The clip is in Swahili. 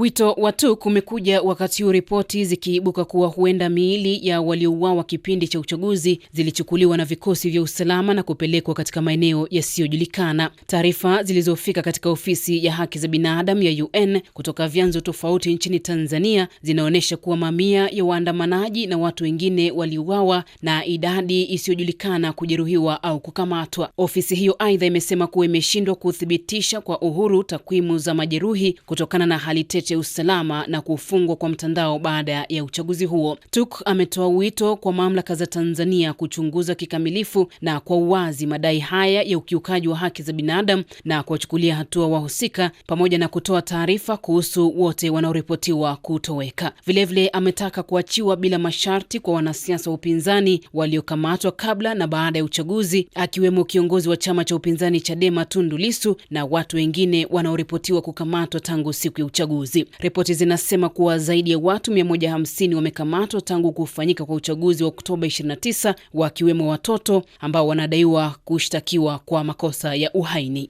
Wito wa TUK umekuja wakati huu ripoti zikiibuka kuwa huenda miili ya waliouawa kipindi cha uchaguzi zilichukuliwa na vikosi vya usalama na kupelekwa katika maeneo yasiyojulikana. Taarifa zilizofika katika ofisi ya haki za binadamu ya UN kutoka vyanzo tofauti nchini Tanzania zinaonyesha kuwa mamia ya waandamanaji na watu wengine waliuawa na idadi isiyojulikana kujeruhiwa au kukamatwa. Ofisi hiyo aidha imesema kuwa imeshindwa kuthibitisha kwa uhuru takwimu za majeruhi kutokana na hali tete cha usalama na kufungwa kwa mtandao baada ya uchaguzi huo. Tuk ametoa wito kwa mamlaka za Tanzania kuchunguza kikamilifu na kwa uwazi madai haya ya ukiukaji wa haki za binadamu na kuwachukulia hatua wahusika pamoja na kutoa taarifa kuhusu wote wanaoripotiwa kutoweka. Vilevile ametaka kuachiwa bila masharti kwa wanasiasa wa upinzani waliokamatwa kabla na baada ya uchaguzi, akiwemo kiongozi wa chama cha upinzani Chadema Tundu Lissu na watu wengine wanaoripotiwa kukamatwa tangu siku ya uchaguzi uchaguzi. Ripoti zinasema kuwa zaidi ya watu 150 wamekamatwa tangu kufanyika kwa uchaguzi wa Oktoba 29, wakiwemo watoto ambao wanadaiwa kushtakiwa kwa makosa ya uhaini.